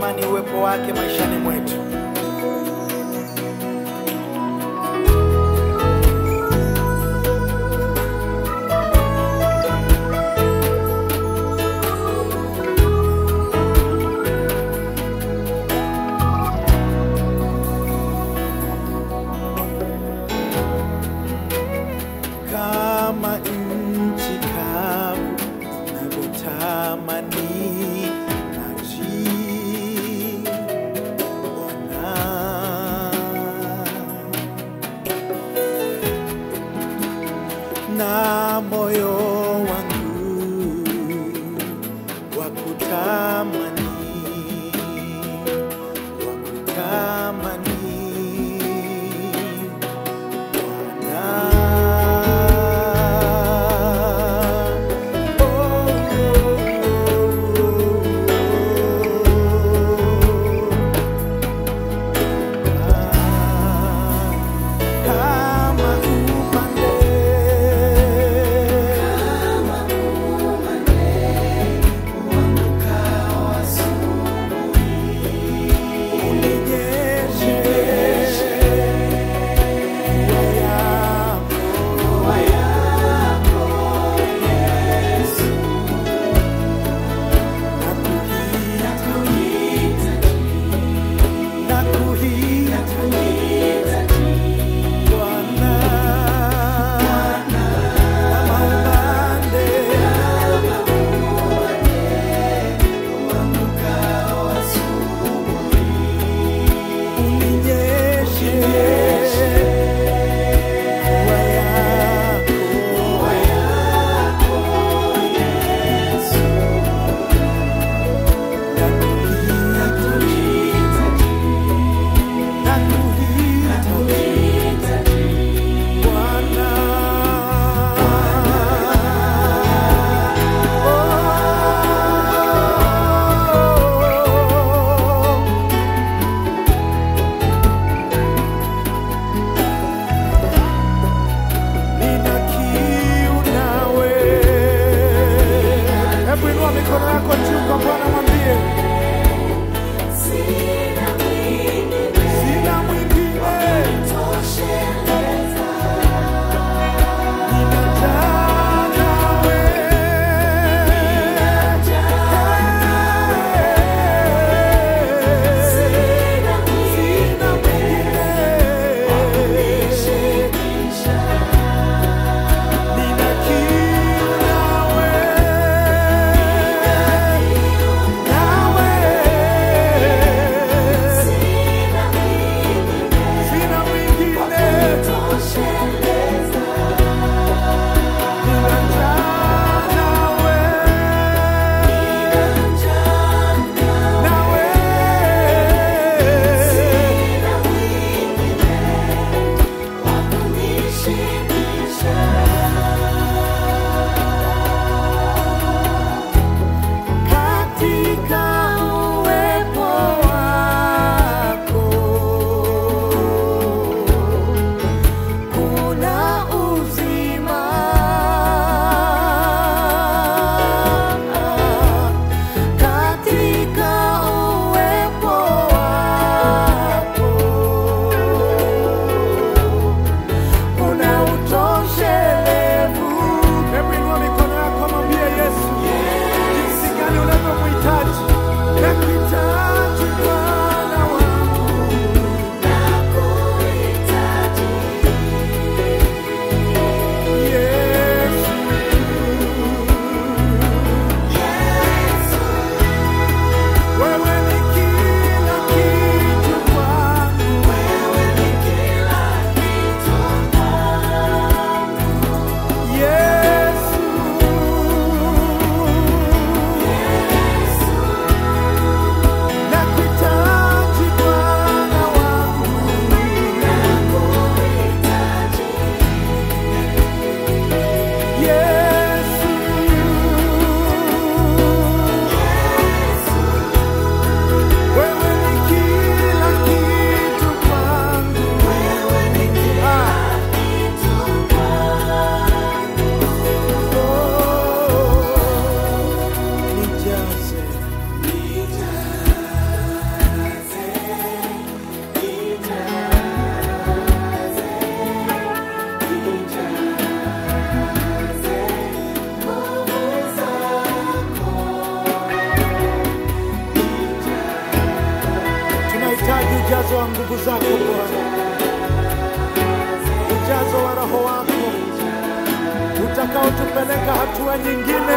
tunatamani uwepo wake maishani mwetu. Kama in wakutamani wakutamani Twitter, kukupeleka hatua nyingine,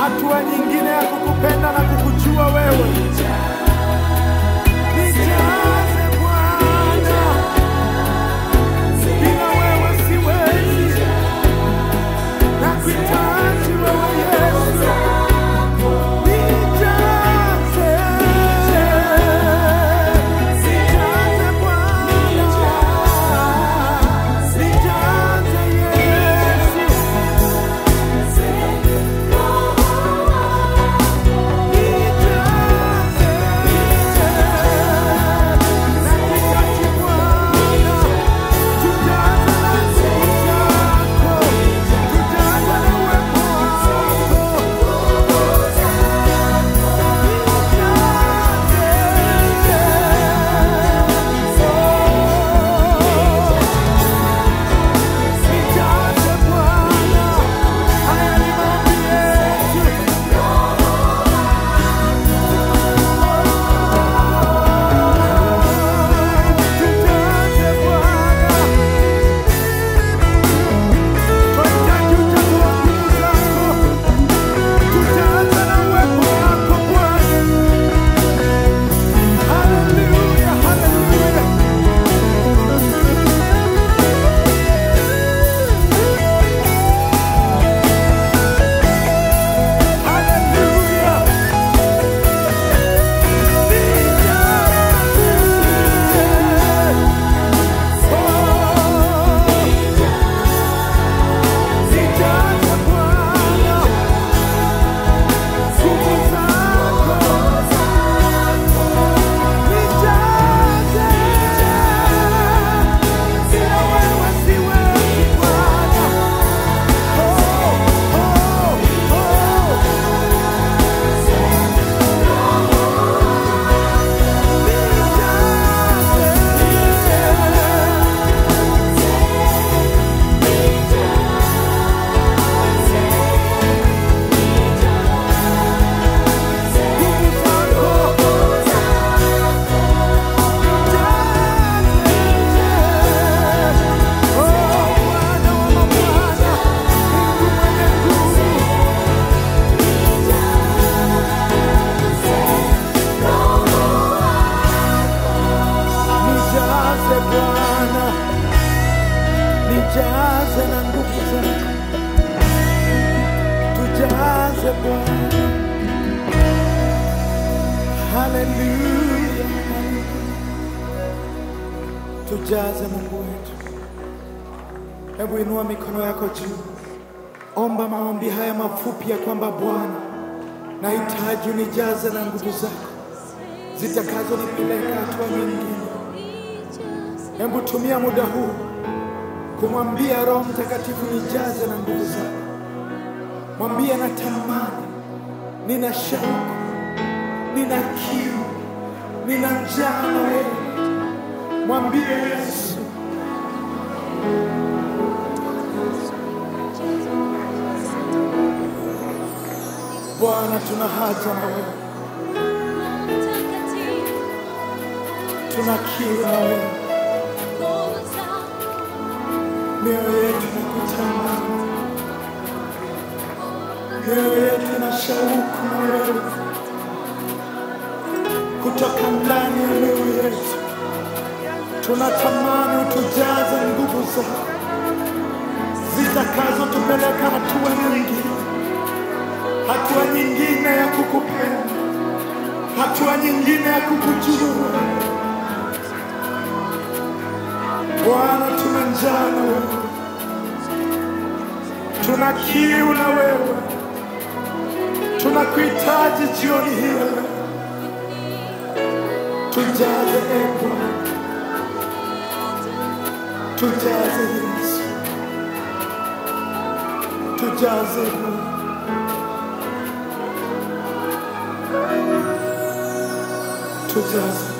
hatua nyingine ya kukupenda na kukujua wewe. na nguvu zako, tujaze Bwana. Haleluya, tujaze Mungu wetu. Hebu inua mikono yako juu, omba maombi haya mafupi ya kwamba Bwana, nahitaji unijaze na nguvu zako zitakazonipeleka hatua nyingine. Hebu tumia muda huu kumwambia Roho Mtakatifu, nijaze na nguvu zako. Mwambie natamani, nina shauku, nina kiu, nina njaa na wewe. Mwambie Yesu Bwana, tuna haja na wewe, tuna kiu na wewe mioyo yetu inakutamani, mioyo yetu ina shauku kutoka ndani ya mioyo yetu. Tunatamani utujaze nguvu zako zitakazotupeleka hatua nyingine, hatua nyingine ya kukupenda, hatua nyingine ya kukujua Bwana. njano, tuna kiu na wewe, tunakuhitaji jioni hii, tujaze e eh, Bwana, tujaze Yesu, tujaze Bwana. Tujaze.